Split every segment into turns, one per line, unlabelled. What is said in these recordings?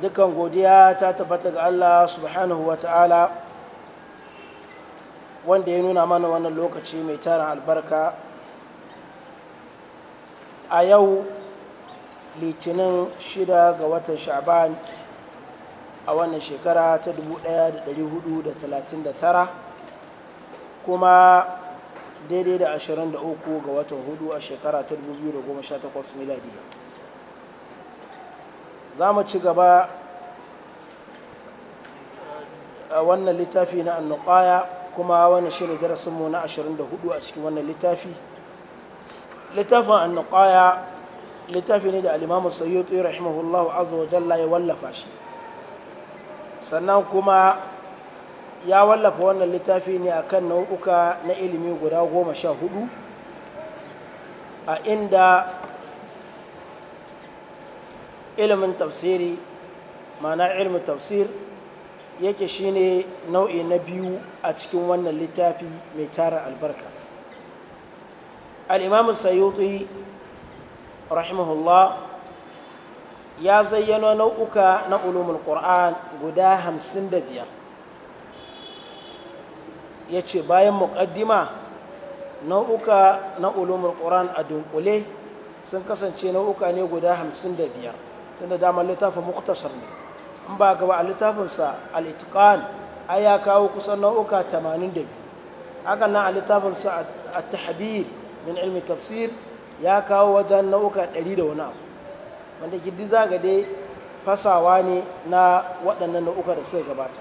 dukkan godiya ta tabbata ga Allah subhanahu wa ta'ala wanda ya nuna mana wannan lokaci mai tara albarka a yau litinin shida ga watan sha'ban a wannan shekara ta 1439 kuma daidai da 23 ga watan hudu a shekara ta 2018 miladiyya za mu ci gaba a wannan littafi na annuqaya kuma wani shirin darasin darasinmu na 24 a cikin wannan littafi littafin annuqaya littafi ne da alimamu sayyuti rahimahullahu azza wa ya wallafa shi sannan kuma ya wallafa wannan littafi ne a akan nau'uka na ilimi guda goma sha hudu a inda ilimin tafsiri ma'ana ilimin tafsir yake shine nau'i na biyu a cikin wannan littafi mai tara albarka al'imamun sayuti rahimahullah ya zayyano nau'uka na ulumul qur'an guda hamsin da biyar ya ce bayan muƙaddima nau'uka na ulumul qur'an a dunkule sun kasance nau'uka ne guda hamsin da biyar tunda damar littafin muktasar ne in ba gaba a littafinsa al itqan ai ya kawo kusan nau'uka 82 hakan nan a littafinsa a tahbir min ilmi tafsir ya kawo wajen nau'uka 100 da wani abu wanda gidi zaga dai fasawa ne na waɗannan nau'uka da suka gabata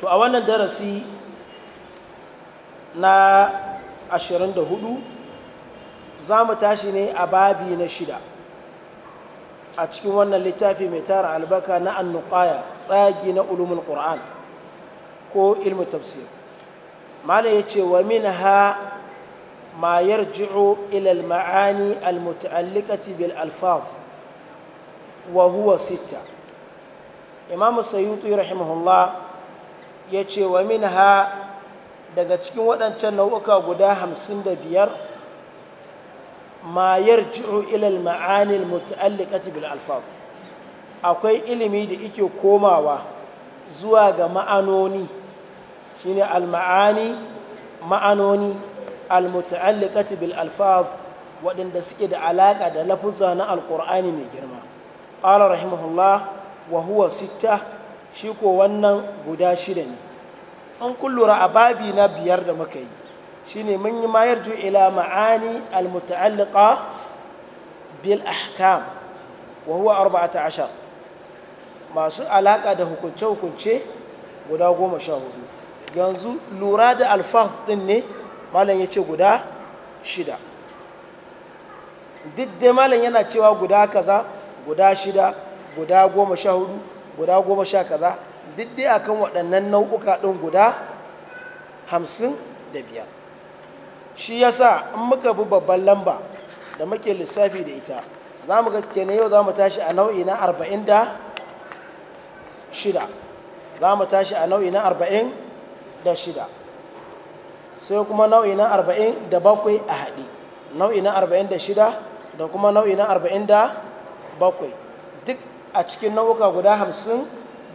to a wannan darasi na 24 za mu tashi ne a babi na shida a cikin wannan littafi mai tara albaka na annuqaya tsagi na ulumul qur'an ko ilmu tafsir mala yace wa minha ma yarji'u ila al-ma'ani al-muta'alliqati bil alfaz wa huwa sitta imam sayyuti rahimahullah yace wa minha daga cikin waɗancan nau'uka guda hamsin da biyar ma yarji'u ila al-ma'ani al-muta'alliqati bil alfaz akwai ilimi da yake komawa zuwa ga ma'anoni shine al-ma'ani ma'anoni al-muta'alliqati bil alfaz waɗanda suke da alaƙa da lafuzza na alƙur'ani mai girma ƙala rahimahullah wa huwa sitta shi ko wannan guda shida ne an kullura a babi na biyar da muka yi shine mun yi mayar ju ila ma'ani almuta'alliqa bil ahkam wa huwa 14 masu alaka da hukunce hukunce guda goma sha hudu yanzu lura da alfaz din ne malam ya ce guda shida duk dai malam yana cewa guda kaza guda shida guda goma sha hudu guda goma sha kaza duk dai akan waɗannan nau'uka ɗin guda hamsin da biyar shi yasa in muka bi babban lamba da muke lissafi da ita za mu ga yau za mu tashi a nau'i na arba'in da shida za mu tashi a nau'i na arba'in da shida sai kuma nau'i na arba'in da bakwai a haɗi nau'i na arba'in da shida da kuma nau'i na arba'in da bakwai duk a cikin nau'uka guda hamsin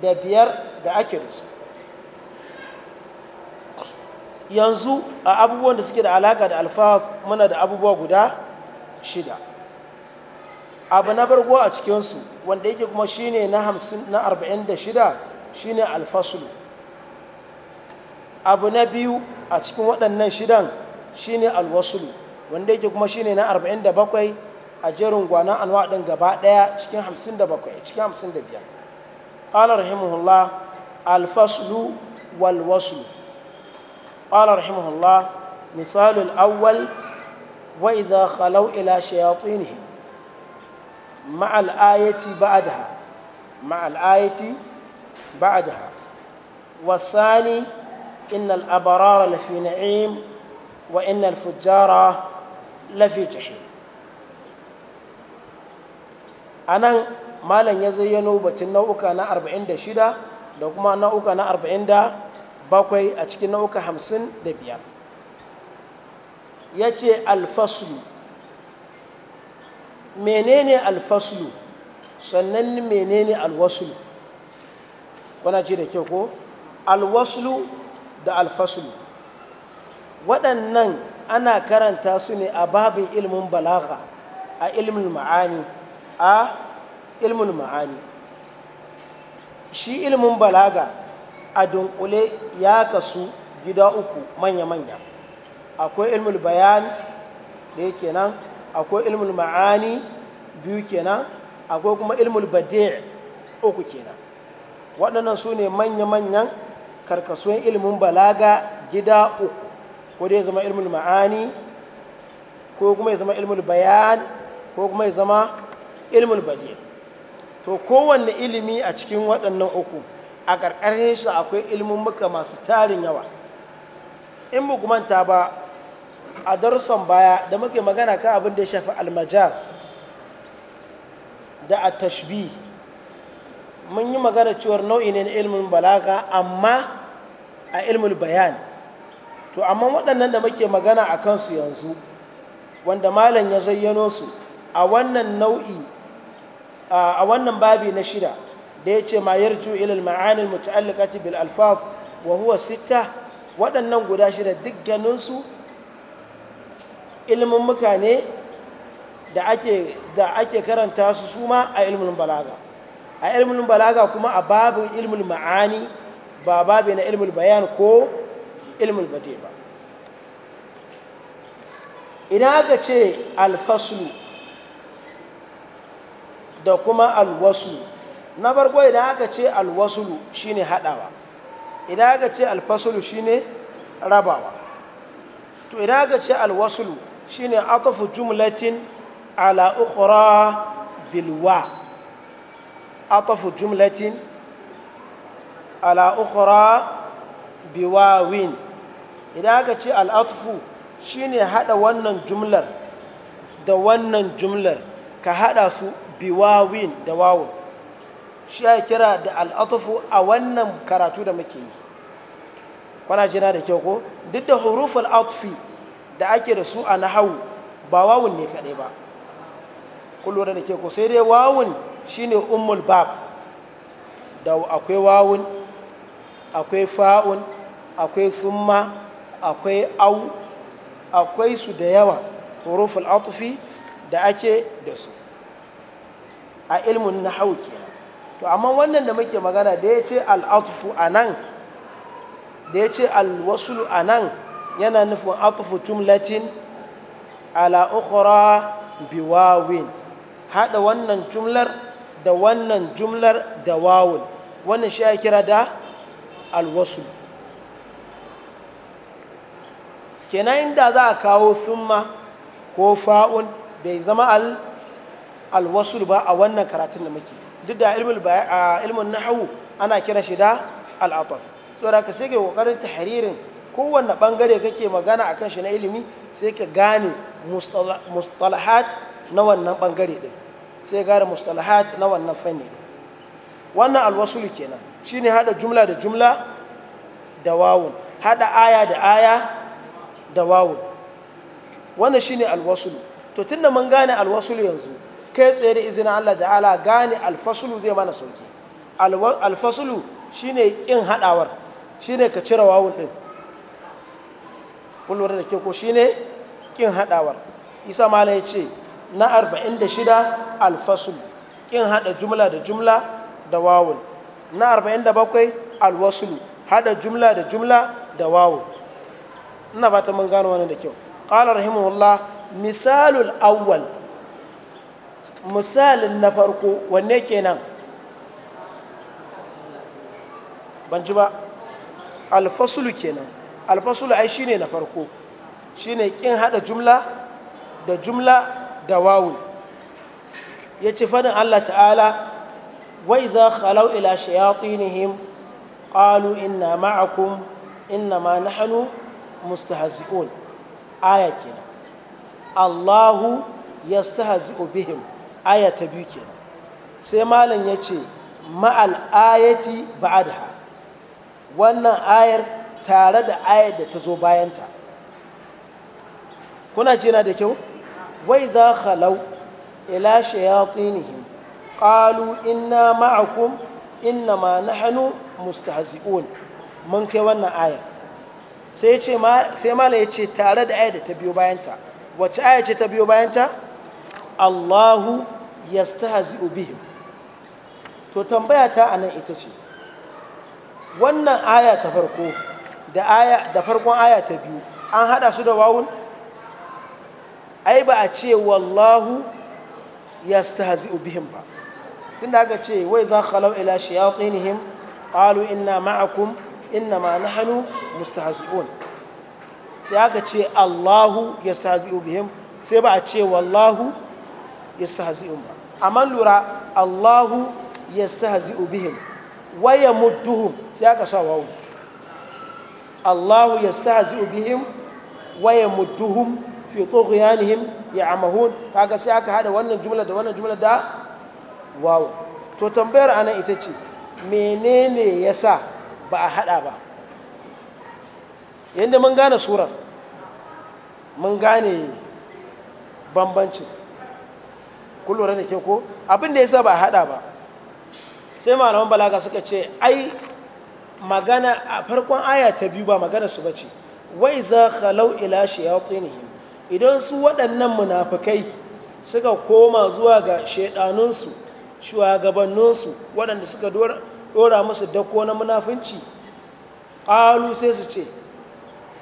da biyar da ake rusu yanzu a abubuwan da suke da alaka da alfaz muna da abubuwa guda shida abu na bargo a cikinsu wanda yake kuma shine na hamsin na arba'in da shida shine alfasulu abu na biyu a cikin waɗannan shidan shine alwasulu wanda yake kuma shine na arba'in da bakwai a jerin gwanan anwa ɗin gaba ɗaya cikin hamsin da bakwai cikin hamsin da biyar ƙalar himmullah alfasulu walwasulu قال رحمه الله مثال الأول وإذا خلوا إلى شياطينهم مع الآية بعدها مع الآية بعدها والثاني إن الأبرار لفي نعيم وإن الفجار لفي جحيم anan malam ya zayyano batun nau'uka na 46 da kuma nau'uka na bakwai a cikin nauka hamsin da biyar ya ce alfaslu menene alfaslu sannan menene alwaslu wana ce da kyau ko alwaslu da alfaslu waɗannan ana karanta su ne a babin ilmin balaga a ilmin ma'ani a ilmin ma'ani shi ilmin balaga a dunkule ya kasu gida uku manya-manya akwai ilmul bayan ɗaya kenan akwai ilmul ma'ani biyu kenan akwai kuma ilmul badi' uku kenan waɗannan su ne manya-manyan karkasuwan ilmin balaga gida uku ko dai zama ilmul ma'ani ko kuma ya zama ilmul bayan ko kuma ya zama ilmul badi' to kowanne ilimi a cikin waɗannan uku a ƙarƙarin shi akwai muka masu tarin yawa in ba manta ba a darussan baya da muke magana kan abin da ya shafi almajas da a tashbi mun yi magana cewar nau'i ne na ilmin balaga amma a ilmin bayan to amma waɗannan da muke magana a kansu yanzu wanda malam ya zayyano su a wannan nau'i a wannan babi na shida da ya ce ma yarju ilal ma'anil muta'alliqati bil alfaz wa huwa sitta waɗannan guda shida dukkaninsu ilimin muka ne da ake da ake karanta su suma a ilmin balaga a ilmin balaga kuma a babin ilmin ma'ani ba babi na ilmin bayan ko ilmin bade ba idan aka ce alfaslu da kuma alwasu na farko idan aka ce alwasulu shine hadawa idan aka ce alfasulu shine rabawa to idan aka ce alwasulu shine atafu jumlatin ala ukhra bilwa atafu jumlatin ala ukhra biwawin idan aka ce al'atufu shine hada wannan jumlar da wannan jumlar ka hada su biwawin da wawun shi ya kira da al'atufu a wannan karatu da muke yi kwana jina da kyau ko duk da hurufin atfi da ake da su a nahawu ba wawun ne kaɗai ba kullum da ke ko sai dai wawun shine umul bab da akwai wawun akwai fa'un akwai summa akwai au akwai su da yawa hurufin atfi da ake da su a ilmin nahawu kenan to amma wannan da muke magana da ya ce al'atufu a nan da ya ce alwasulu a nan yana nufin atufu jumlatin ala ukhra biwawin hada wannan jumlar da wannan jumlar da wawun wannan shi ya kira da al'wasulu kenan inda za a kawo summa ko fa'un bai zama al'wasulu ba a wannan karatun da muke duk da ilmin nahawu ana kiran shi da al'ataf da ka sai ka kokarin tahririn kowanne bangare kake magana akan shi na ilimi sai ka gane mustalahat na wannan bangare din sai gane mustalahat na wannan fanni wannan alwasulu kenan shine hada jumla da jumla da wawun hada aya da aya da wawun wannan shine alwasulu to tunda mun gane alwasulu yanzu kai tsaye da izinin Allah ala gane alfasulu zai mana sauki alfasulu shine kin hadawar shine ka cire wawun din kullum da ke ko shine kin hadawar isa mala ya ce na 46 alfasulu kin hada jumla da jumla da wawun na 47 alwasulu hada jumla da jumla da wawun ina ba ta mun gano wannan da kyau qala rahimahullah misalul awwal misalin na farko wanne kenan ban ji ba alfasulu kenan alfasulu ai shine na farko shine kin hada jumla da jumla da wawu ya ce fadin Allah ta'ala wai za khalau ila shayatinihim qalu inna ma'akum inna ma nahnu mustahzi'un aya kenan Allahu yastahzi'u bihim aya ta biyu ke sai malam ya ce ma'al ayati ba'adha wannan ayar tare da ayar da ta zo bayanta kuna jina da kyau wai za khalau ila shayatinihim qalu inna ma'akum innama nahnu mustahzi'un mun kai wannan ayar sai Malam sai ce yace tare da ayar da ta biyo bayanta wacce aya ce ta biyo bayanta Allahu yastahzi'u bihim to tambaya ta anan ita ce wannan aya ta farko da aya da farkon aya ta biyu an hada su da wawun ai ba a ce wallahu yastahzi'u bihim ba tunda aka ce wai za khalau ila shayatinihim qalu inna ma'akum inna ma nahnu mustahzi'un sai aka ce Allahu yastahzi'u bihim sai ba a ce wallahu yastahzi'un ba amma lura Allahu yastahzi'u bihim wa yamudduhum sai aka sa wawu Allahu yastahzi'u bihim wa yamudduhum fi tughyanihim ya'mahun kaga sai aka hada wannan jumla da wannan jumla da wawu to tambayar anan ita ce menene yasa ba a hada ba yadda mun gane surar mun gane bambancin kun lura da ke ko abin da yasa ba hada ba sai malaman balaga suka ce ai magana a farkon aya ta biyu ba magana su bace wa za khalau ila shayatinihim idan su waɗannan munafikai suka koma zuwa ga shaidanunsu shugabanninsu waɗanda suka dora musu dako na munafunci ƙalu sai su ce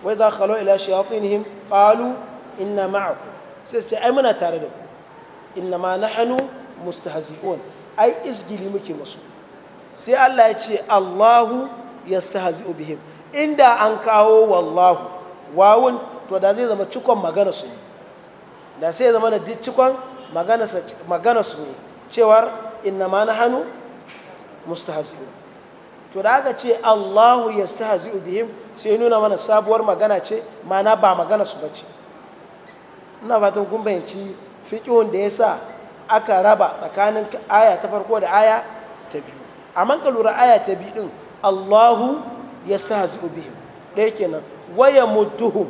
wai za khalau ila shayatinihim ƙalu inna ma'akum sai su ce ai muna tare da ku inna ma nahnu mustahzi'un ai izgili muke musu sai Allah ya ce Allahu yastahzi'u bihim inda an kawo wallahu wawun to da zai zama cikon magana su ne da sai zama da cikon magana su ne cewar inna ma nahnu mustahzi'un to da aka ce Allahu yastahzi'u bihim sai nuna mana sabuwar magana ce mana ba magana su bace ina fatan kun bayanci fiƙihun da ya sa aka raba tsakanin aya ta farko da aya ta biyu amma ka lura aya ta biyu din Allahu yastahzi'u bihim ɗaya kenan waya mutuhum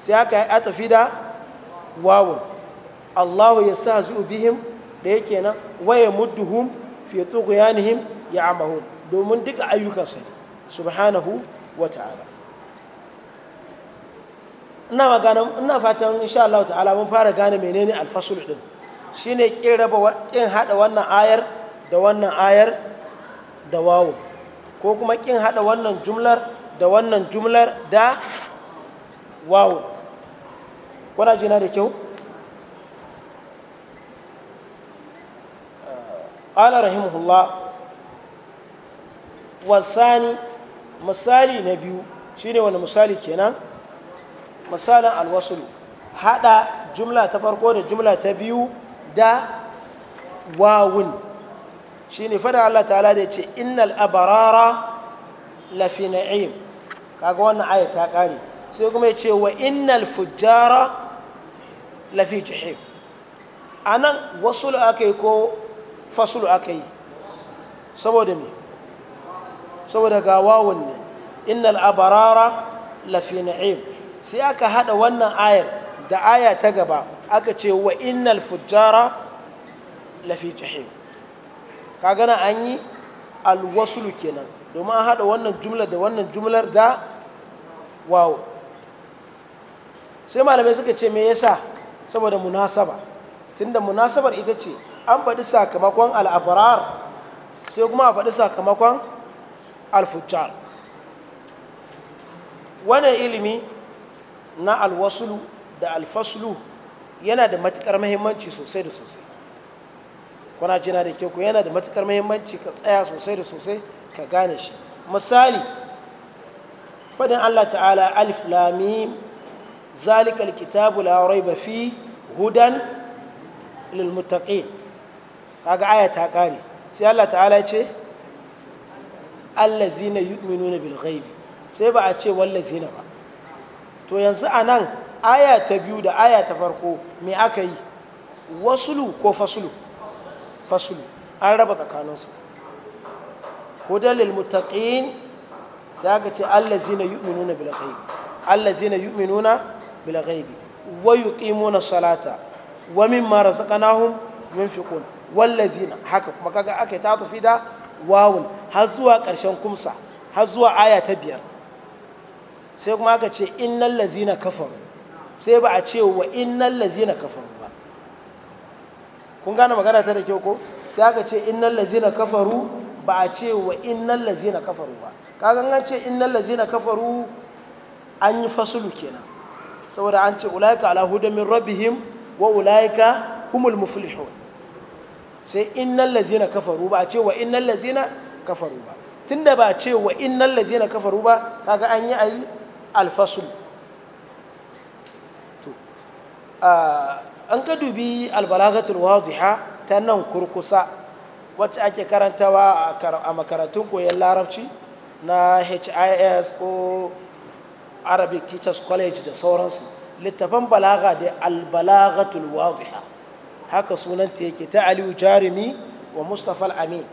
sai aka yi tafi da wawun Allahu yastahzi'u bihim ɗaya kenan waya mudduhum nihim ya amahun domin duka ayyukansa subhanahu wa ta'ala ina magana ina fatan insha Allah ta'ala mun fara gane menene alfasul din shine kin raba kin hada wannan ayar da wannan ayar da wawu ko kuma kin hada wannan jumlar da wannan jumlar da wawu kuna jina da kyau ala rahimahullah wasani misali na biyu shine wani misali kenan misalin alwasulu hada jumla ta farko da jumla ta biyu da wawun shine fada Allah ta'ala da ce innal abarara lafi na'im kaga wannan aya ta kare sai kuma ya ce wa innal fujjara lafi jihim anan wasul aka yi ko fasul aka yi saboda me saboda ga wawun ne innal abarara lafi na'im sai aka hada wannan ayar da aya ta gaba aka ce wa innal fujjara lafi jahim ka gana an yi alwasulu kenan domin an hada wannan jumlar da wannan jumlar da wawo sai malamai suka ce me yasa saboda munasaba tunda munasabar ita ce an faɗi sakamakon al'abarar sai kuma a faɗi sakamakon alfujjar wannan ilimi na alwasulu da alfaslu yana da matukar mahimmanci sosai da sosai kuna jina da kyau yana da matukar mahimmanci ka tsaya sosai da sosai ka gane shi misali fadin Allah ta'ala alif lamim zalika alkitabu la raiba fi hudan lil muttaqin kaga aya ta kare sai Allah ta'ala ya ce allazina yu'minuna bil ghaibi sai ba a ce wallazina ba to yanzu a nan aya ta biyu da aya ta farko me aka yi wasulu ko fasulu fasulu an raba tsakaninsu hudalil mutaqin da aka ce allazina yu'minuna bil ghaibi allazina yu'minuna bil ghaibi wa yuqimuna salata wa mimma razaqnahum yunfiqun wallazina haka kuma kaga aka ta tafi da wawun har zuwa ƙarshen kumsa har zuwa aya ta biyar sai kuma aka ce innal ladhina kafaru sai ba a ce wa innal ladhina kafaru ba kun gane magana ta da kyau ko sai aka ce innal ladhina kafaru ba a ce wa innal ladhina kafaru ba kaga an ce innal ladhina kafaru an yi fasulu kenan saboda an ce ulaika ala hudan min rabbihim wa ulaika humul muflihun sai innal ladhina kafaru ba a ce wa innal ladhina kafaru ba tunda ba a ce wa innal ladhina kafaru ba kaga an yi ayi alfasul an ka dubi albalagatul wadiha ta nan kurkusa wacce ake karantawa a makarantun koyon larabci na his ko arabic teachers college da sauransu littafan balaga da albalagatul wadiha haka sunanta yake ta aliyu jarumi wa mustapha amin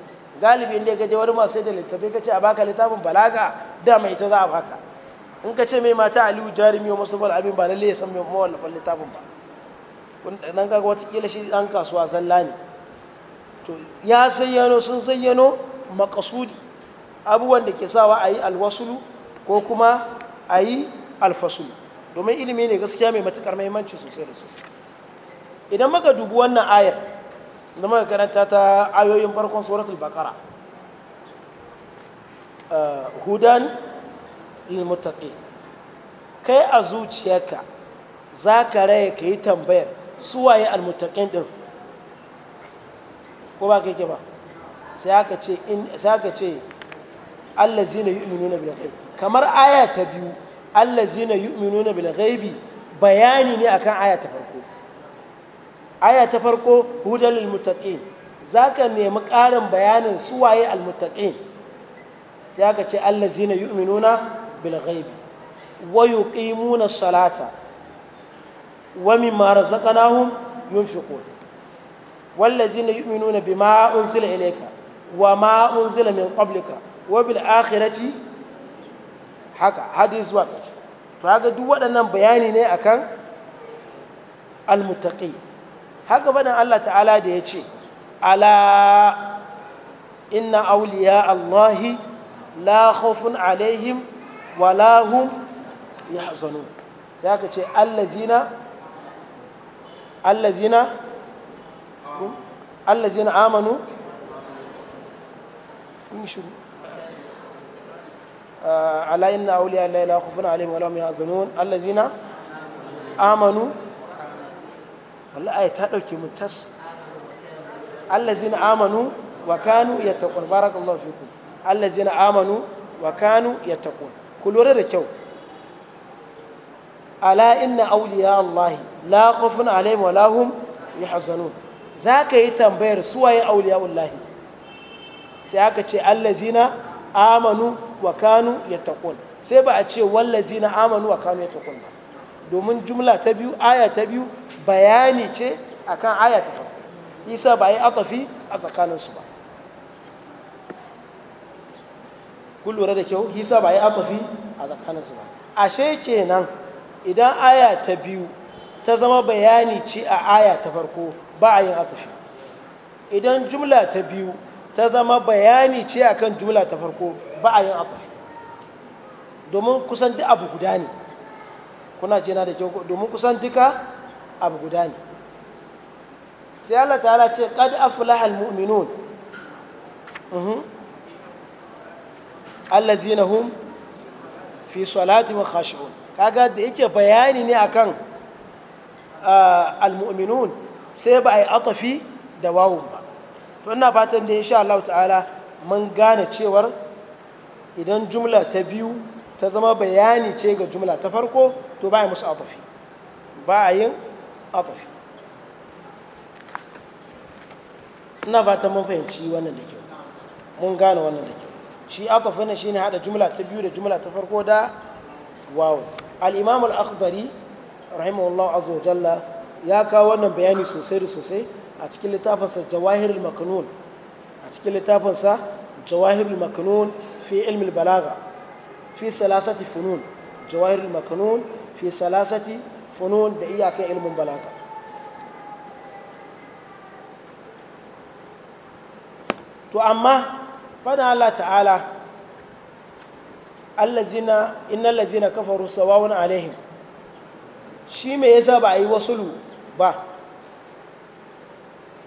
galibi inda ya gaje wani masu da ka ce a baka littafin balaga dama ita za a baka in ka ce mai mata aliyu jarumi wa musulman abin ba lalle ya san mai mawallafin littafin ba nan kaga watakila shi an kasuwa zalla ne to ya zayyano sun sayyano makasudi abubuwan da ke sawa a yi alwasulu ko kuma a yi alfasulu domin ilimi ne gaskiya mai matukar mahimmanci sosai da sosai idan maka dubi wannan ayar da muka karanta ta ayoyin farkon suratul bakara eh, hudan lilmuttaqi kai a zuciyarka za ka raya ka yi tambayar suwaye almuttaqin din ko ba ka yake ba sai aka ce in sai aka ce allazina yu'minuna bil ghaib kamar aya ta biyu allazina yu'minuna bil ghaibi bayani ne akan aya ta farko aya ta farko hudal lil muttaqin zaka nemi ƙarin bayanin suwaye al muttaqin sai aka ce allazina yu'minuna bil ghaibi wa yuqimuna salata wa mimma razaqnahum والذين يؤمنون بما أنزل إليك وما أنزل من قبلك وبالآخرة haka hadin zuwa ƙarshe to haka duk waɗannan bayani ne akan almutaqi haka badan Allah ta'ala da ya ce ala inna Allahi la alaihim Walahu ya yahzanun sai aka ce allazina allazina allazina amanu kun shiru ah, amanu wallahi ta amanu ku lura da kyau ala inna auliya allahi la alaihim wa lahum yahzanun zaka yi tambayar suwaye auliya allahi sai aka ce allazina amanu wa kanu yattaqun sai ba a ce wallazina amanu wa kanu yattaqun ba domin jumla ta biyu aya ta biyu bayani ce akan aya ta farko isa ba yi atafi a tsakaninsu ba kun lura da kyau hisa ba ya atafi a tsakaninsu ba ashe kenan idan aya ta biyu ta zama bayani ce a aya ta farko ba a yin atafi idan jumla ta biyu ta zama bayani ce a kan jumla ta farko ba a yin atafi domin kusan duk abu guda ne kuna jina da kyau domin kusan duka abu guda ne sai Allah ta'ala ce qad aflaha almu'minun mhm. allazina hum fi salatihim khashi'un kaga da yake bayani ne akan almu'minun sai ba a yi atafi da wawun ba to ina fatan da insha Allah ta'ala mun gane cewar idan jumla ta biyu ta zama bayani ce ga jumla ta farko to ba a yi musu atafi ba a yin atafi ina fatan mun fahimci wannan da kyau mun gane wannan da kyau shi ataf wannan shine hada jumla ta biyu da jumla ta farko da waw al-imam al-akhdari rahimahullah azza wa jalla ya kawo wannan bayani sosai da sosai a cikin littafinsa jawahirul maknun a cikin littafinsa jawahirul maknun fi ilmi balaga fi thalathati funun jawahirul maknun fi thalathati funun da iyakan ilmin balaga to amma fana Allah ta'ala allazina innal ladzina kafaru sawawun alaihim shi me yasa ba a yi wasulu ba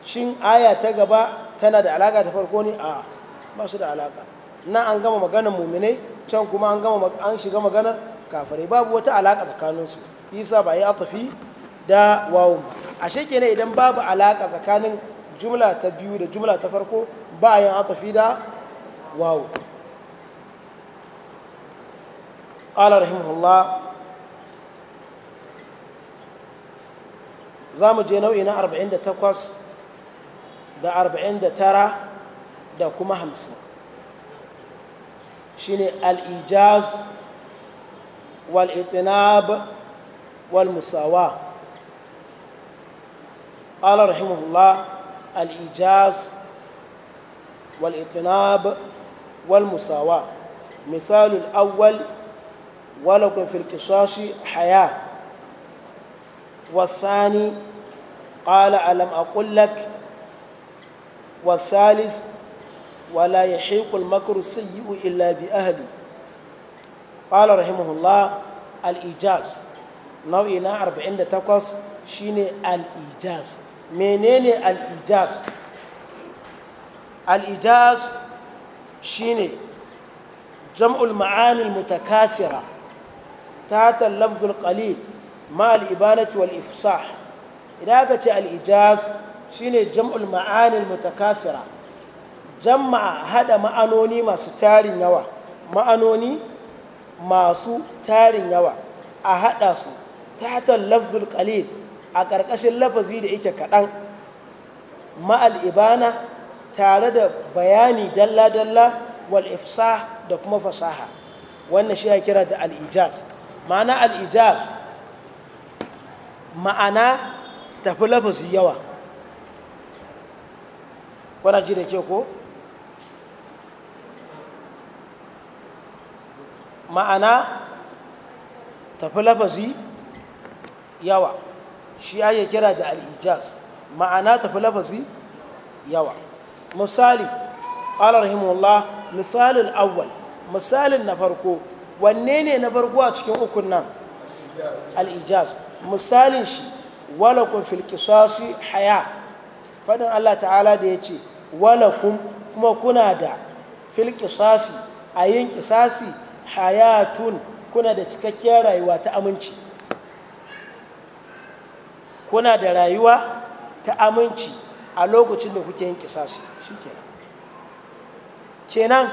shin aya ta gaba tana da alaka ta farko ne a ba su da alaka na an gama maganar muminai can kuma an gama an shiga maganar kafirai babu wata alaka su yasa ba a yi atafi da wawu a ashe ne idan babu alaka tsakanin jumla ta biyu da jumla ta farko ba a yin atafi da واو قال رحمه الله za mu je nau'i na 48 da 49 da kuma 50 shine al-ijaz wal wal-musawa قال رحمه الله الإيجاز والإطناب wal musawa misalul awwal walakun fil qisasi haya والثاني قال ألم أقل لك والثالث ولا يحيق المكر السيء إلا بأهله قال رحمه الله الإيجاز نوعنا أربعين تقص شيني الإيجاز منين الإيجاز الإيجاز shine jam'ul ma'anil mutakathira ta ta lafzul qalil ma al-ibanati wal ifsah idan ka ce al-ijaz shine jam'ul ma'anil mutakathira jama'a hada ma'anoni masu tarin yawa ma'anoni masu tarin yawa a hada su ta ta lafzul qalil a ƙarƙashin lafazi da yake kaɗan ma'al ibana tare da bayani dalla-dalla wal ifsah da kuma fasaha wannan shi ya kira da al-ijaz ma'ana al-ijaz ma'ana tafi lafazi yawa ji da ke ko ma'ana tafi lafazi yawa shi kira da al-ijaz ma'ana tafi lafazi yawa misali qala rahimahullah misalin awwal misalin na farko wanne ne na farko a cikin ukun nan al misalin shi walakum fil qisasi haya faɗin Allah ta'ala da yace walakum kuma kuna da fil a yin qisasi hayatun kuna da cikakkiyar rayuwa ta aminci kuna da rayuwa ta aminci a lokacin da kuke yin kisasi shi kenan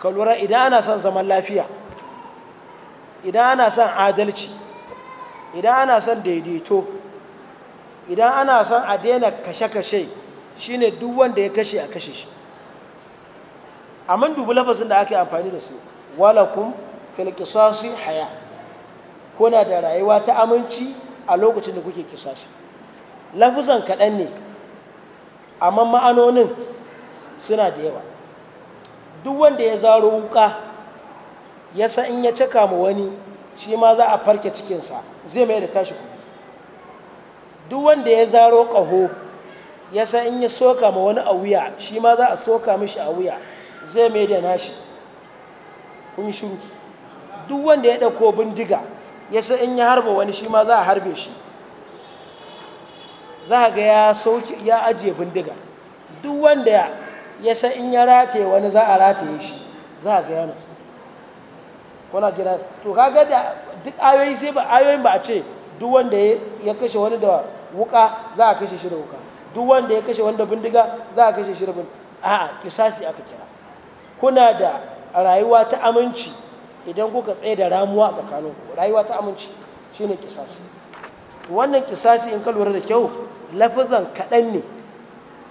ka lura idan ana son zaman lafiya idan ana son adalci idan ana son daidaito idan ana son a daina kashe-kashe shine duk wanda ya kashe a kashe shi amma dubu lafazin da ake amfani da su walakun fil haya kuna da rayuwa ta aminci a lokacin da kuke kisasi lafazan kaɗan ne amma ma'anonin suna da yawa duk wanda ya zaro wuka ya san in ya cika mu wani shi ma za a farke cikinsa zai mai da tashi kuma duk wanda ya zaro ƙaho ya san in ya soka ma wani a wuya shi ma za a soka mishi a wuya zai mai da nashi kun shiru duk wanda ya ɗauko bindiga ya san in ya harba wani shi ma za a harbe shi za ga ya sauki ya ajiye bindiga duk wanda ya san in ya rataye wani za a rataye shi za ga ya nasu kuna jira to ga da duk ayoyi sai ba ayoyin ba a ce duk wanda ya kashe wani da wuka za a kashe shi da wuka duk wanda ya kashe wanda bindiga za a kashe shi da bindiga a'a kisasi aka kira kuna da rayuwa ta aminci idan kuka tsaye da ramuwa a tsakaninku rayuwa ta aminci shine kisasi wannan kisasi in ka lura da kyau lafizan kaɗan ne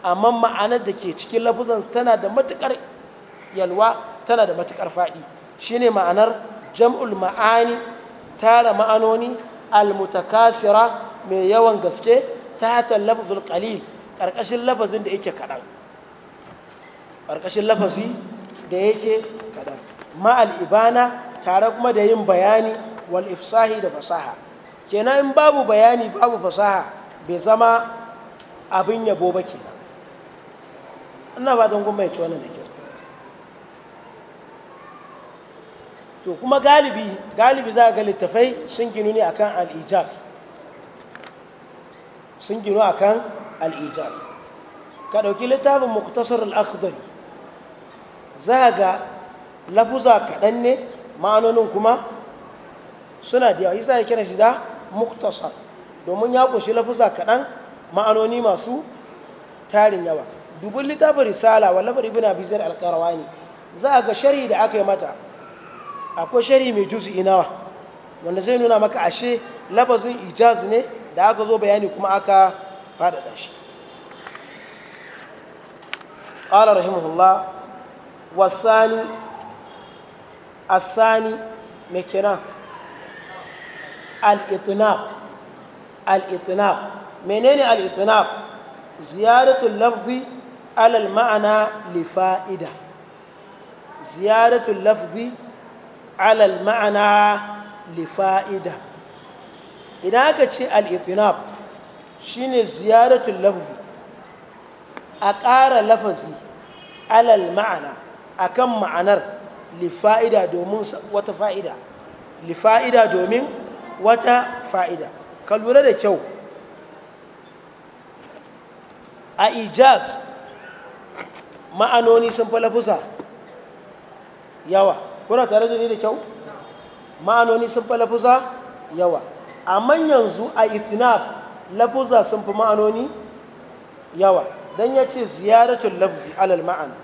amma ma'anar da ke cikin lafizan tana da matuƙar yalwa tana da matuƙar faɗi shine ma'anar jam'ul ma'ani tara ma'anoni almutakasira mai yawan gaske ta hatan lafazul qalil ƙarƙashin lafazin da yake kaɗan ƙarƙashin lafazi da yake kaɗan ma'al ibana tare kuma da yin bayani wal ifsahi da fasaha kenan in babu bayani babu fasaha bai zama abin yabo ba kenan ina ba don ci wannan da kyau to kuma galibi galibi za ga littafai sun ginu ne akan al-ijaz sun ginu akan al ka ɗauki littafin muktasar al-akhdari za ga labuza kaɗan ne ma'anonin kuma suna da yawa isa ya kira shi da muktasar domin ya kunshi lafuza kaɗan ma'anoni masu tarin yawa dubin littafin risala wallafar ibn abi zai alƙarawa ne za a ga shari da aka yi mata akwai shari mai jusu inawa wanda zai nuna maka ashe lafazin ijaz ne da aka zo bayani kuma aka faɗaɗa shi قال rahimahullah wasani asani الثاني al الإطناب al menene al-itinab ziyaratul lafzi alal ma'ana li fa'ida ziyaratul lafzi alal ma'ana li fa'ida idan aka ce al-itinab shine ziyaratul lafzi a ƙara lafazi alal ma'ana akan ma'anar li fa'ida domin wata fa'ida li fa'ida domin wata fa'ida ka lura da kyau a ijaz ma'anoni sun falafusa yawa kuna tare da ni da kyau ma'anoni sun falafusa yawa amma yanzu a itinab lafuza sun fi ma'anoni yawa don ya ce ziyaratun lafazi alal ma'ana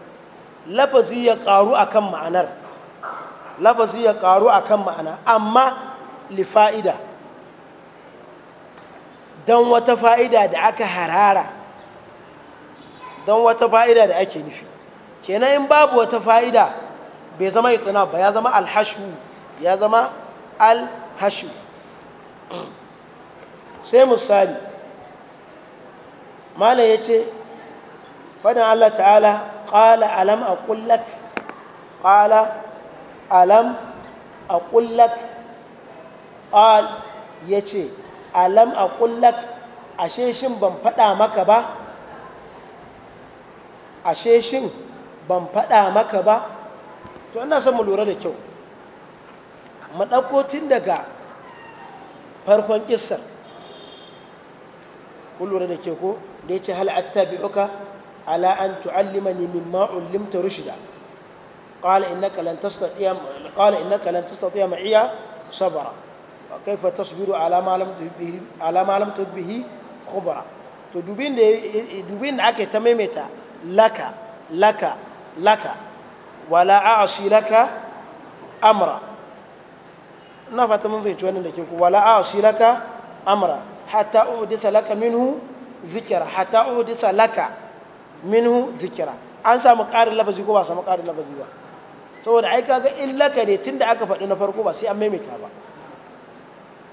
lafazi ya karu akan ma'anar lafazi ya karu akan ma'ana amma lifa'ida fa'ida don wata fa'ida da aka harara don wata fa'ida da ake nufi kenan in babu wata fa'ida bai zama itina ba ya zama alhashu ya zama alhashu sai misali malam ya ce fadin allah ta'ala ƙala alam a ƙullak ƙala alam a ƙullak ƙal ya ce alam a kullak ashe shin ban faɗa maka ba ashe shin ban faɗa maka ba to ina son mu lura da kyau maɗaukotin daga farkon ƙissar Ku lura da ke ko da ya ce hal'atta bi'uka ala an tu'allima min mimma ullimta rushida qala innaka lan tastati'a qala innaka lan tastati'a ma'iya sabara kaifa ala ma lam tudbihi ala ma to dubin da ake ta maimaita laka laka laka wala shi laka amra na fata mun fahimci da ke ku wala shi laka amra hatta udisa laka minhu zikira laka minhu zikira an samu ƙarin lafazi ko ba samu ƙarin lafazi ba saboda aika ga in laka ne da aka faɗi na farko ba sai an maimaita ba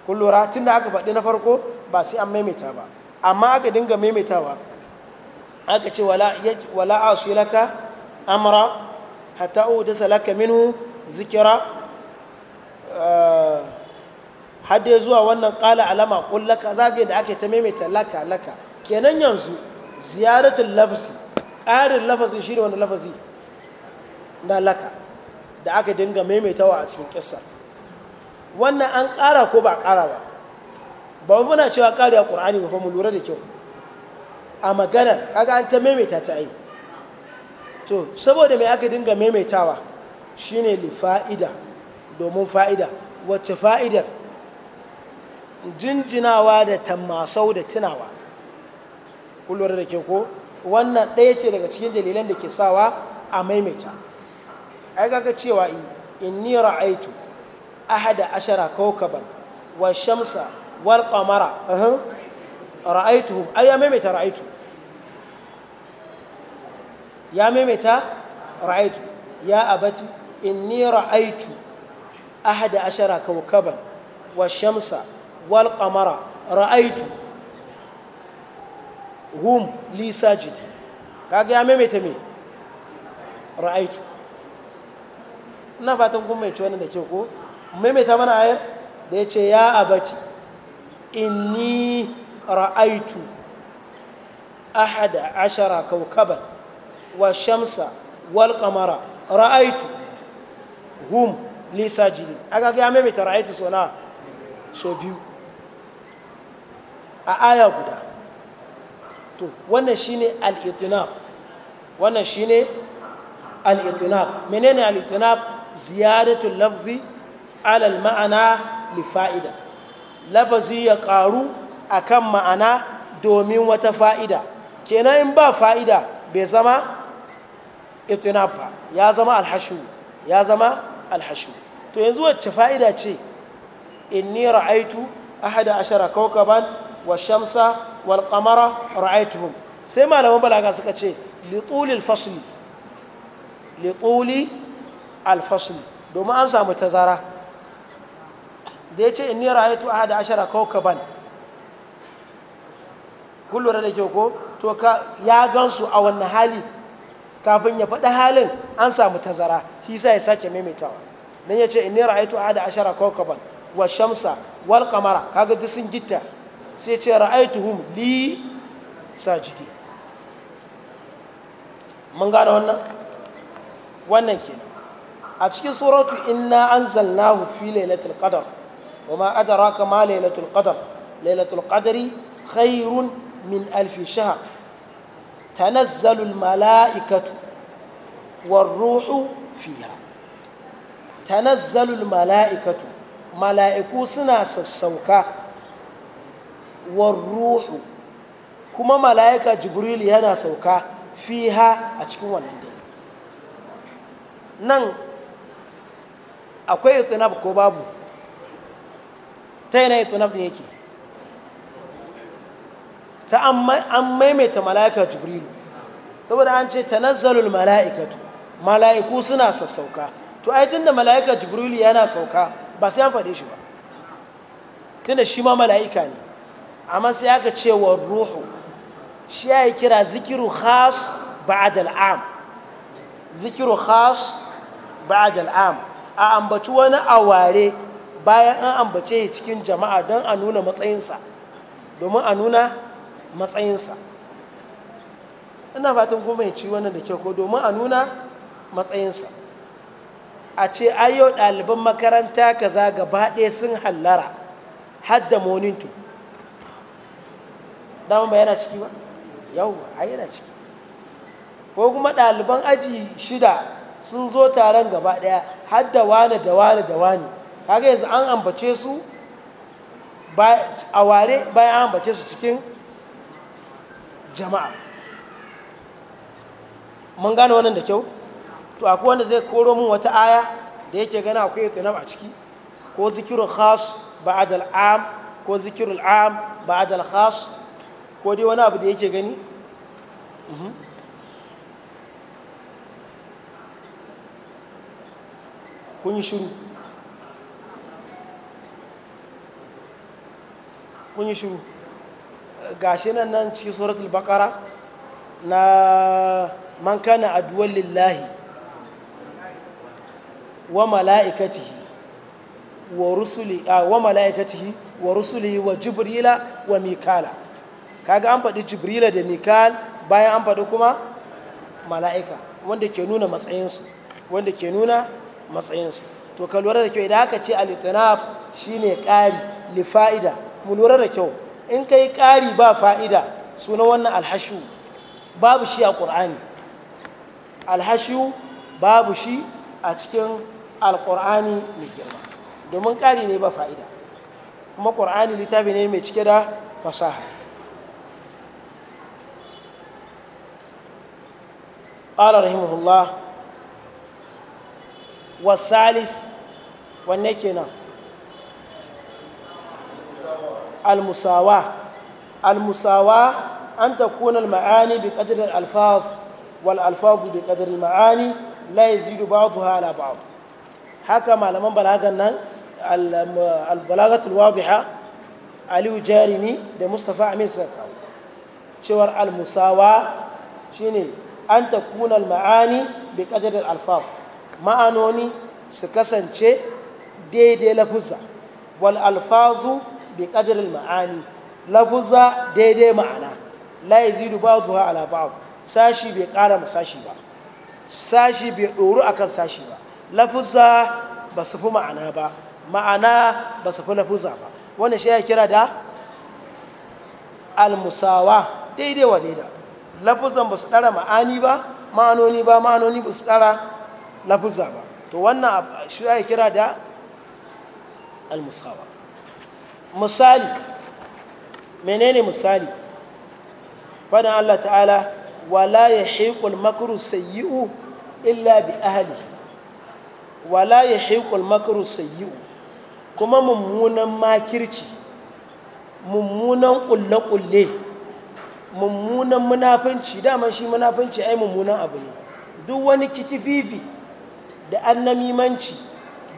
kun lura tunda aka faɗi na farko ba sai an maimaita ba amma aka dinga maimaitawa aka ce wala a su laka amra hatta da salaka Minu zikira eh, hadde zuwa wannan qala alama qul laka zage da ake ta maimaita laka laka kenan yanzu ziyaratul lafzi ƙarin lafazin shi ne wani lafazi na laka da aka dinga maimaitawa a cikin kissar wannan an ƙara ko ba a ƙara ba ba muna cewa ƙari a ƙur'ani ba mu lura da kyau a maganar kaga an ta maimaita ta yi to saboda mai aka dinga maimaitawa shine li fa'ida domin fa'ida wacce fa'idar jinjinawa da tammasau da tunawa kun lura da kyau ko wannan ɗaya ce daga cikin dalilan da ke sawa a maimaita ai kaga cewa inni ra'aitu ahada ashara kawkaban wa shamsa wal qamara ra'aituhum ay ya maimaita ra'aitu ya maimaita ra'aitu ya abati inni ra'aitu ahada ashara kawkaban wa shamsa wal qamara ra'aitu hum li sajid kaga ya maimaita me ra'aitu ina fatan kun mai ci wannan da ke ko maimaita mana ayar da ya ce ya abati inni ra'aitu ahada ashara kaukaban wa shamsa wal kamara ra'aitu hum lisa jini aka ga maimaita ra'aitu so na so biyu a aya guda to wannan shine al-itinab wannan shine al menene al-itinab ziyadatul lafzi alal ma'ana li fa'ida lafazi ya ƙaru kan ma'ana domin wata fa'ida kenan in ba fa'ida bai zama itinab ya zama alhashu ya zama alhashu to yanzu wacce fa'ida ce inni ra'aitu ahada ashara kawkaban wa shamsa wal qamara ra'aituhum sai malaman balaga suka ce litulil fasli lituli alfasli domin an samu tazara da ya ce in ya ra'aytu da ashara kawkaban kullu da ke ko to ka ya gansu a wannan hali kafin ya faɗi halin an samu tazara shi sa ya sake maimaitawa don ya ce in ya ra'aytu da ashara kawkaban wa shamsa wal qamara kaga duk sun gita sai ce ra'aitu ra'aytuhum li sajidi mun gane wannan wannan kenan a cikin suratu inna anzalnahu filai lailatul qadr وما أدراك ما ليلة القدر ليلة القدر خير من ألف شهر تنزل الملائكة والروح فيها تنزل الملائكة ملائكو سنا سسوكا والروح كما ملائكة جبريل ينا سوكا فيها أتكون ونندي نن أكوية تناب كبابو ta tunaf ɗin yake ta an maimaita mala'ikar jibrilu saboda an ce ta nazzalul mala'ikatu mala'iku suna sassauka to ai tunda mala'ika jibrilu yana sauka ba sai an faɗe shi ba tunda shi ma mala'ika ne amma sai aka ce wa ruhu shi ya yi kira zikiru khas ba'ad al'am zikiru khas ba'adalam al'am a ambaci wani aware bayan an ambace cikin jama'a don a nuna matsayinsa domin a nuna matsayinsa ina fatan kuma ci wannan da ke ko domin a nuna matsayinsa a ce ayyau ɗaliban makaranta kaza gaba ɗaya sun hallara har da moninto dama ba yana ciki ba yau ba yana ciki ko kuma ɗaliban aji shida sun zo taron gaba ɗaya hadda da wane da wane da wane kaga yanzu an ambace su a ware bayan an ambace su cikin jama'a mun gane wannan da kyau to akwai wanda zai koro mun wata aya da yake gana akwai tsinam a ciki ko zikirun khas ba'ad al'am ko zikirul am ba'ad al-khas ko dai wani abu da yake gani mhm. kun yi shiru kun yi shiru gashi nan nan cikin suratul baqara na man kana aduwar lillahi wa mala'ikatihi wa rusuli wa mala'ikatihi wa rusuli wa jibrila wa mikala kaga an faɗi jibrila da mikal bayan an faɗi kuma mala'ika wanda ke nuna matsayinsu wanda ke nuna matsayinsu to ka lura da kyau idan aka ce alitanaf shine ƙari fa'ida. mu lura da kyau in ka yi ƙari ba fa'ida suna wannan alhashu babu shi a ƙur'ani alhashu babu shi a cikin alƙur'ani mai girma domin ƙari ne ba fa'ida kuma ƙur'ani littafi ne mai cike da fasaha قال rahimahullah wasalis wanne kenan المساواة المساواة أن تكون المعاني بقدر الألفاظ والألفاظ بقدر المعاني لا يزيد بعضها على بعض هكما لما بلغنا البلاغة الواضحة علي جارمي لمصطفى أمين سكاو شور المساواة شيني أن تكون المعاني بقدر الألفاظ ma'anoni su kasance daidai lafuzza wal alfazu bi qadril ma'ani lafuzza daidai ma'ana la yazidu ba'dhuha ala ba'd sashi bai qara ma sashi ba sashi bai duru akan sashi ba lafuzza ba su fi ma'ana ba ma'ana ba su fi lafuzza ba wannan shi ya kira da almusawa daidai wa daida lafuzan ba su ɗara ma'ani ba ma'anoni ba ma'anoni ba su ɗara lafuzza ba to wannan shi ya kira da almusawa misali menene misali fadin Allah ta'ala wala ya haikul makaru sayi'u illa bi ahali wala ya haikul makaru sayi'u kuma mummunan makirci mummunan kulle-kulle mummunan munafunci daman shi munafunci ai mummunan abu ne duk wani kitififi da annamimanci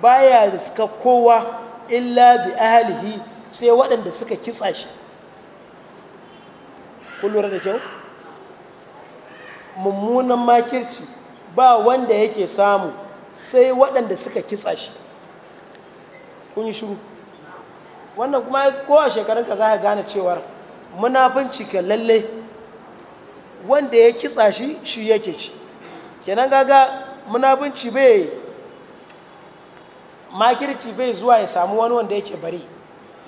baya riska kowa illa bi ahalihi sai waɗanda suka kitsa shi kun lura da kyau mummunan makirci ba wanda yake samu sai waɗanda suka kitsa shi kun yi shiru wannan kuma kowa shekarun ka za ka gane cewar munafunci ka lalle wanda ya kitsa shi shi yake ci kenan gaga munafunci bai makirci bai zuwa ya samu wani wanda yake bari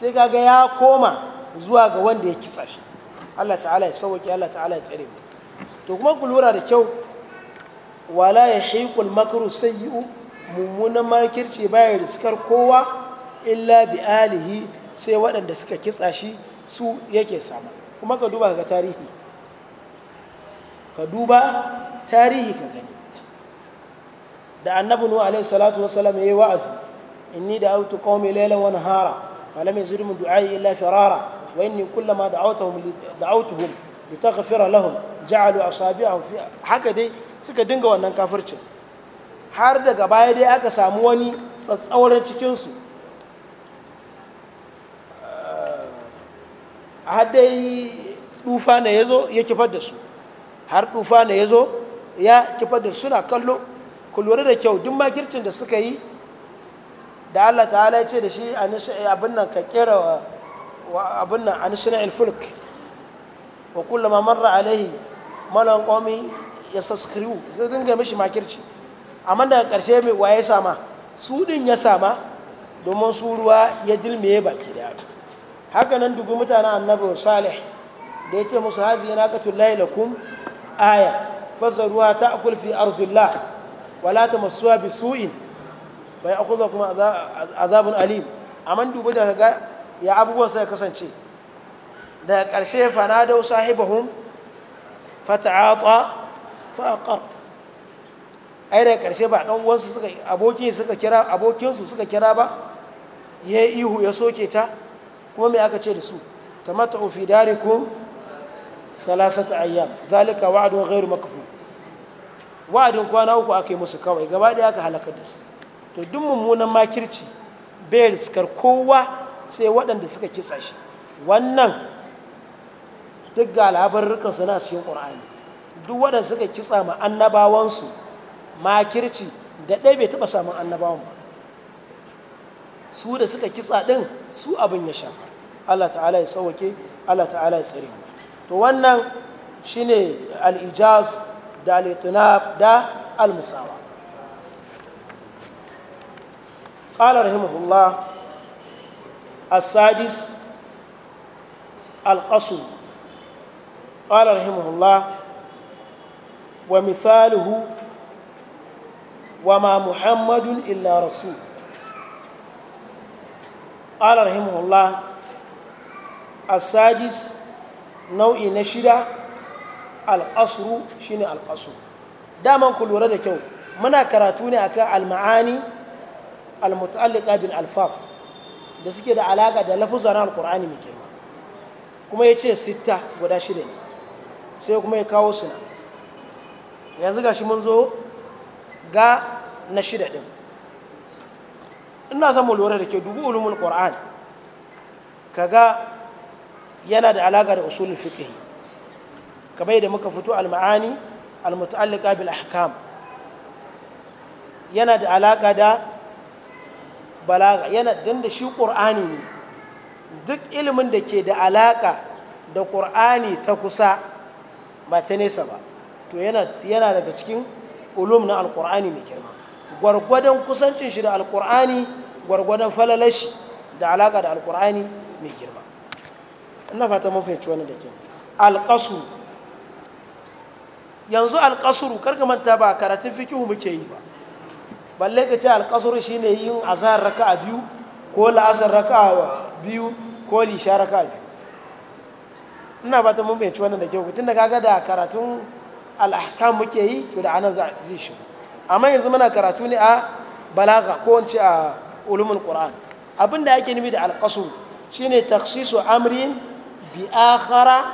sai kaga ya koma zuwa ga wanda ya kitsa shi Allah ta'ala ya sauke Allah ta'ala ya tsere to kuma ku lura da kyau wala ya hiqul makru sayyi'u mummunan makirci baya riskar kowa illa bi alihi sai waɗanda suka kitsa shi su yake sama kuma ka duba ga tarihi ka duba tarihi ka gani da annabi nuhu alaihi salatu wasallam yayi wa'azi inni da autu qaumi laylan wa nahara ولم يزدهم دعائي إلا فرارا وإني كلما دعوتهم دعوتهم لتغفر لهم جعلوا أصابعهم في هكذا suka dinga wannan kafircin har daga baya dai aka samu wani tsatsauran cikinsu har dai dufa ne ya zo ya kifar da su har dufa ne ya zo ya kifar da suna kallo ku lura da kyau duk makircin da suka yi da Allah ta'ala ya ce da shi eh, abin nan ka kera wa abin nan an shirin ilfulk wa kullum ma marra alaihi malan komi ya saskriwu sai dinga mishi makirci amma daga karshe mai waye sama su din ya sama domin su ruwa ya dilmiye baki da haka nan dugu mutanen annabi salih da yake musu hazi yana katun lakum aya fazaruwa ta akulfi ardullah wala ta masuwa bisu'in bai akuza kuma azabin alim amma dubu da ga ya abubuwan sai kasance daga ƙarshe fanadau a fata'ata ai daga ƙarshe ba dan uwansu suka abokin suka kira abokinsu suka kira ba ya ihu ya soke ta kuma me aka ce da su ta mata tamatta'u fi ku thalathata ayyam zalika wa'dun ghairu makfur wa'adin kwana uku ake musu kawai gaba ɗaya aka halakar da su to duk mummunan makirci bai riskar kowa sai waɗanda suka kitsa shi wannan duk ga labarurkan suna cikin ƙur'ani duk waɗanda suka kitsa ma annabawansu makirci da ɗaya bai taɓa samun annabawan ba su da suka kitsa ɗin su abin ya shafa Allah ta'ala ya tsawake Allah ta'ala ya tsare to wannan shine al-ijaz da al da al-musawa قال رحمه الله السادس القصر قال رحمه الله ومثاله وما محمد إلا رسول قال رحمه الله السادس نوع نشرة القصر شنو القصر دائما كل ورد كو منا كراتوني أكا المعاني almutallika bil alfaf da suke da alaka da lafuzan alqur'ani mai girma kuma ya ce sitta guda shida ne sai kuma ya kawo suna yanzu gashi mun zo ga na shida din ina son lura da ke dubu ulumul qur'an kaga yana da alaka da usulul fiqh kamar yadda muka fito al-ma'ani al bil ahkam yana da alaka da balaga yana dan shi ƙur'ani ne duk ilimin da ke da alaƙa da ƙur'ani ta kusa ba ta nesa ba to yana daga cikin ulum na alƙur'ani mai girma gwargwadon kusancin shi da alƙur'ani gwargwadon falalashi da alaƙa da alƙur'ani mai girma ina fata mun fahimci wani da ke alƙasuru yanzu alƙasuru karka manta ba karatun fikihu muke yi ba balle ka ce alƙasar shi ne yin azahar raka a biyu ko la'asar raka a biyu ko lisha raka a biyu ina ba ta mun bai ci wannan da ke hukutun da kaga da karatun al'ahkam muke yi to da anan zai shi amma yanzu muna karatu ne a balaga ko wance a ulumin qur'an abin da ake nufi da alƙasar shine taksisu amrin bi akhara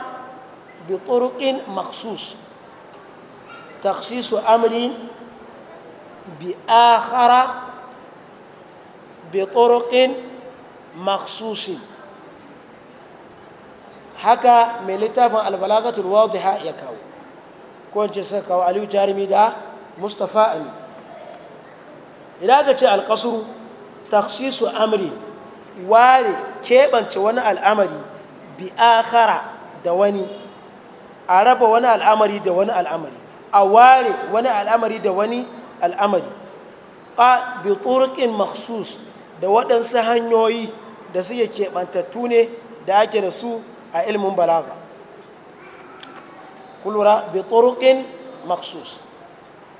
bi turuqin makhsus taksisu amrin بآخر بطرق مخصوص haka mai littafin albalagatul wadiha ya kawo ko in ce suka kawo aliyu jarumi da mustafa ami idan aka ce alkasuru taksisu amri ware keɓance wani al'amari bi da wani a raba wani al'amari da wani al'amari a ware wani al'amari da wani al'amari a bi maksus da waɗansu hanyoyi da suke keɓantattu ne da ake da su a ilmin balaga kulura bi maksus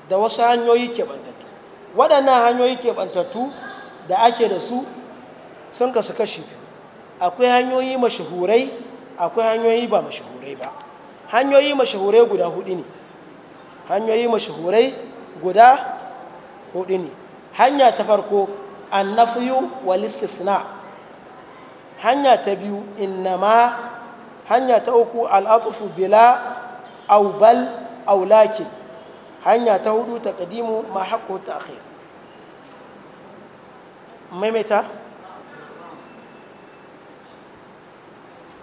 da wasu hanyoyi keɓantattu waɗannan hanyoyi keɓantattu da ake da su sun kasu kashi akwai hanyoyi mashahurai akwai hanyoyi ba mashahurai ba hanyoyi mashahurai guda hudu ne hanyoyi mashahurai guda hudu ne hanya ta farko annafiyu wal istisna hanya ta biyu innama hanya ta uku al'atufu bila au bal au lakin hanya ta hudu ta kadimu ma haƙo ta akhir maimaita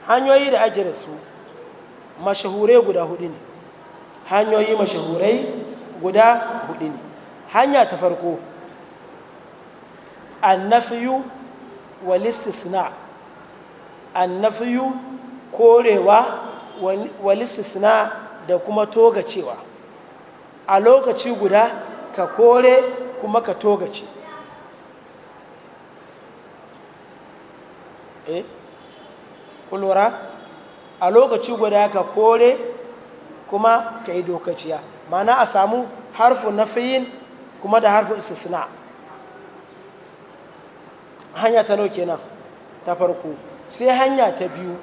hanyoyi da ake da su mashahurai guda hudu ne hanyoyi mashahurai guda hudu ne hanya ta farko annafiyu wal annafiyu korewa wal da kuma toga cewa a lokaci guda ka kore kuma ka toga ce eh, kulura a lokaci guda ka kore kuma ka yi dokaciya mana a samu harfin nafiyin kuma da harfin istisna hanya ta nau kenan ta farko sai hanya ta biyu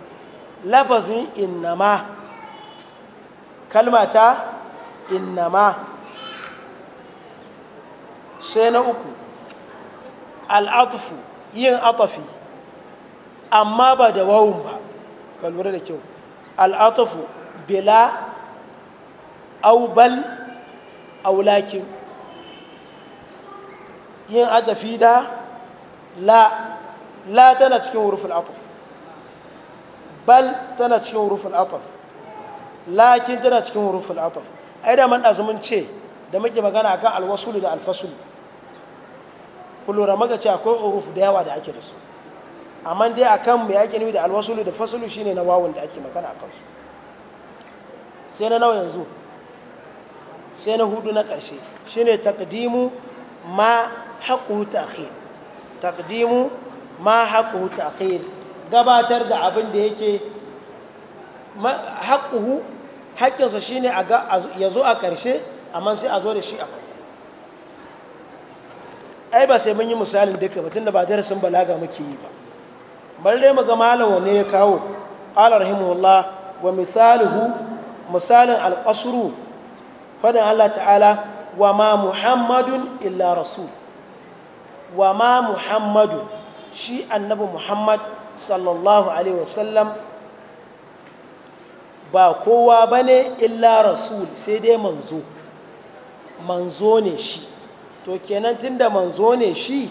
labazin innama kalmata innama sai na uku al'atufu yin atafi amma ba da wawun ba ka lura da kyau al'atufu bila aubal aulakin yin adafi da la la tana cikin rufin atuf bal tana cikin rufin atuf lakin tana cikin rufin atuf ai da man azumin ce da muke magana akan alwasul da ku lura maka ce akwai uruf da yawa da ake da su amma dai akan mai ake nufi da alwasul da fasulu shine na wawun da ake magana akan su sai na nawa yanzu sai na hudu na ƙarshe shine takdimu ma haƙuhu ta'khir taqdimu ma haƙuhu ta'khir gabatar da abin da yake haƙuhu haƙƙinsa shine ya zo a ƙarshe amma sai a zo da shi a ƙarshe. ai ba sai mun yi misalin duka ba tunda ba darasin balaga muke yi ba bari mu ga malam wane ya kawo qala rahimahullah wa misaluhu misalin alqasru fadan Allah ta'ala wa ma muhammadun illa rasul wa ma muhammadu shi annabi muhammad sallallahu alaihi wasallam ba kowa ba ne illa rasul sai dai manzo manzo ne shi to kenan tunda manzo ne shi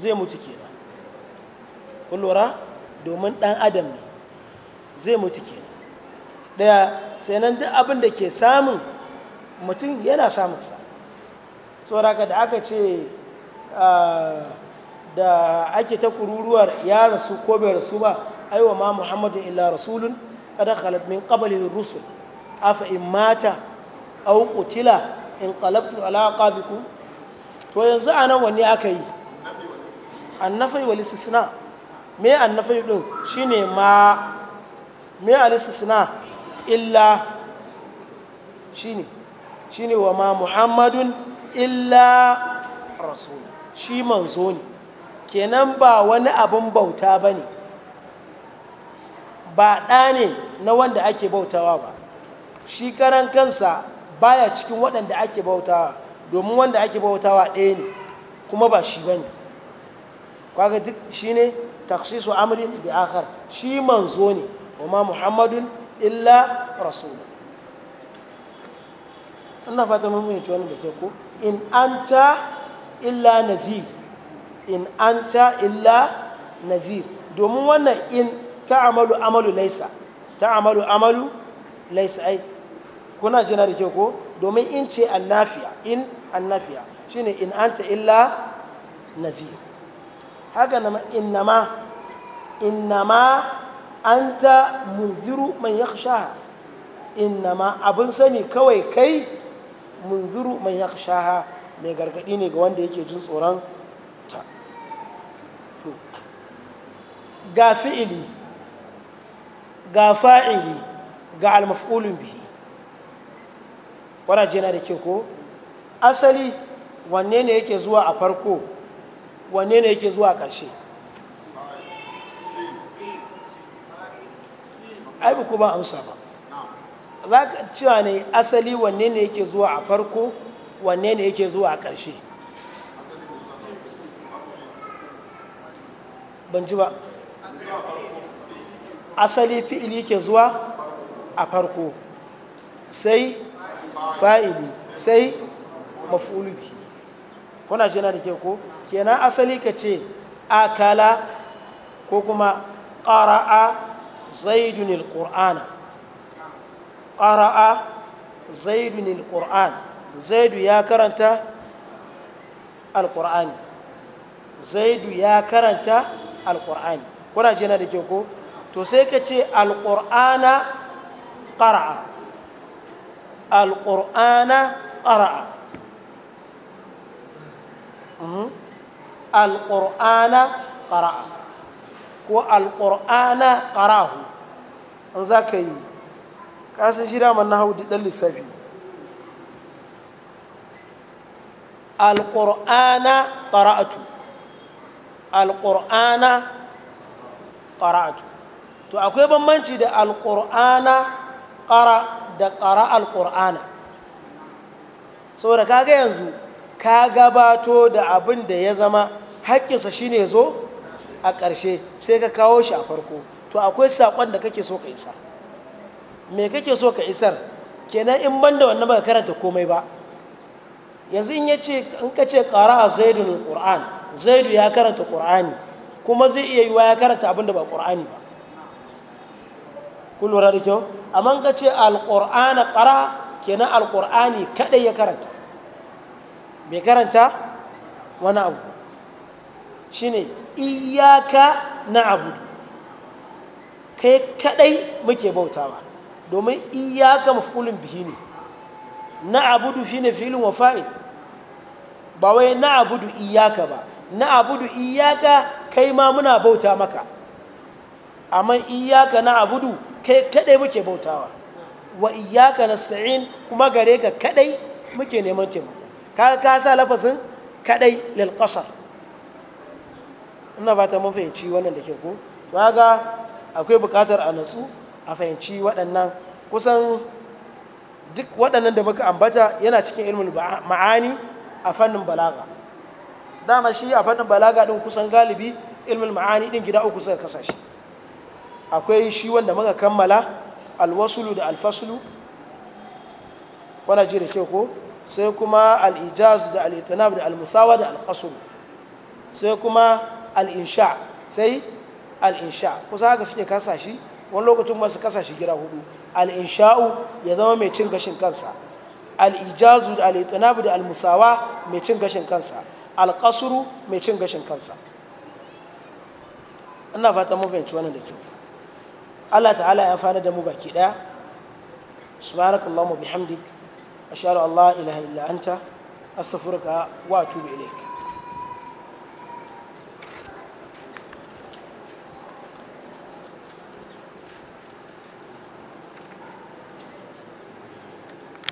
zai mutu kenan kun lura domin dan adam ne zai mutu kenan daya sai nan duk abin da ke samun mutum yana samunsa tsoraka da aka ce da ake ta kururuwar ya rasu ko bai rasu ba aiwa ma muhammadu illa rasulun kada khalat min qablihi rusul afa in mata aw qutila in qalabtu ala aqabikum to yanzu anan wanne aka yi annafai wal istisna me annafai Shi ne ma me al istisna illa Shi ne wa ma muhammadun illa rasul shi manzo ne kenan ba wani abun bauta ba ne ba ɗa ne na wanda ake bautawa ba shi karan kansa baya cikin waɗanda ake bautawa domin wanda ake bautawa ɗaya ne kuma ba shi ba ne kwaga duk shi ne taksisu amrin bi akhar shi manzo ne wa ma muhammadun illa rasul ina fata mun da ke ko in anta illa nazir in anta illa nazir domin wannan in ta amalu laisa ta amalu laisa ai kuna jina da ke ko domin in ce annafiya in annafiya shine in an ta illa nazir haka nama innama innama anta mai man yakhshaha innama abin sani kawai kai munzuru mai shaha mai gargadi ne ga wanda yake jin tsoron ta ga fi'ili ga fa'ili ga almaf'ulun bihi waraje na da ke ko asali wanne ne yake zuwa a farko wanne ne yake zuwa a ƙarshe ai ba amsa ba za ka cewa ne asali wanne ne yake zuwa a farko wanne ne yake zuwa a ƙarshe ban ji ba asali fi'ili yake zuwa a farko sai fa'ili sai mafuluki kuna shi na da ke ko kenan asali ka ce akala ko kuma ƙara'a zaidun il-ƙur'ana ƙara'a zaidun al-ƙur'an zaidu ya karanta al zaidu ya karanta kuna jina da ke ko to sai ka ce al-ƙur'ana ƙara'a ko al ƙara'ahu in yi kasan shi daman na hau ɗan lissafi alƙur'ana ƙara'atu alƙur'ana ƙara'atu to akwai bambanci da alƙur'ana ƙara da ƙara alƙur'ana saboda kaga yanzu ka gabato da abin da ya zama haƙƙinsa shine zo a ƙarshe sai ka kawo shi a farko to akwai saƙon da kake so ka isa. me kake so ka isar kenan in ban da wannan baka karanta komai ba yanzu in yace in ka ce a zaidun qur'an zaidu ya karanta qur'ani kuma zai iya yiwa ya karanta abin da ba qur'ani ba kun lura kyau amma in ka ce alqur'ana qara kenan alqur'ani kadai ya karanta mai karanta wani abu shine iyaka na abu kai kadai muke bautawa domin iyaka mafulun bihi ne na abudu shine filin wa ba wai na abudu iyaka ba na abudu iyaka kai ma muna bauta maka amma iyaka na abudu kai kadai muke bautawa wa iyaka sa'in kuma gare ka kadai muke neman taimako ka ka sa lafazin kadai lil qasar ina mun fahimci wannan da ke ko ga akwai bukatar a natsu a fahimci waɗannan kusan duk waɗannan da muka ambata yana cikin ilmin ma'ani a fannin balaga dama shi a fannin balaga ɗin kusan galibi ilmin ma'ani ɗin gida uku suka kasa shi akwai shi wanda muka kammala alwasulu da alfasulu wana ji da kyau ko sai kuma al'ijaz da al'itanab da almusawa da alƙasuru sai kuma al'insha sai al'insha kusa haka suke kasa wani lokacin masu kasa shi gira hudu al'insha'u ya zama mai cin gashin kansa al'ijazu da al'itinabu da al'musawa mai cin gashin kansa alƙasuru mai cin gashin kansa ina fata mun fahimci wannan da kyau Allah ta'ala ya fana da mu baki daya subhanakallahumma bihamdik ashhadu an la ilaha illa anta astaghfiruka wa atubu ilaik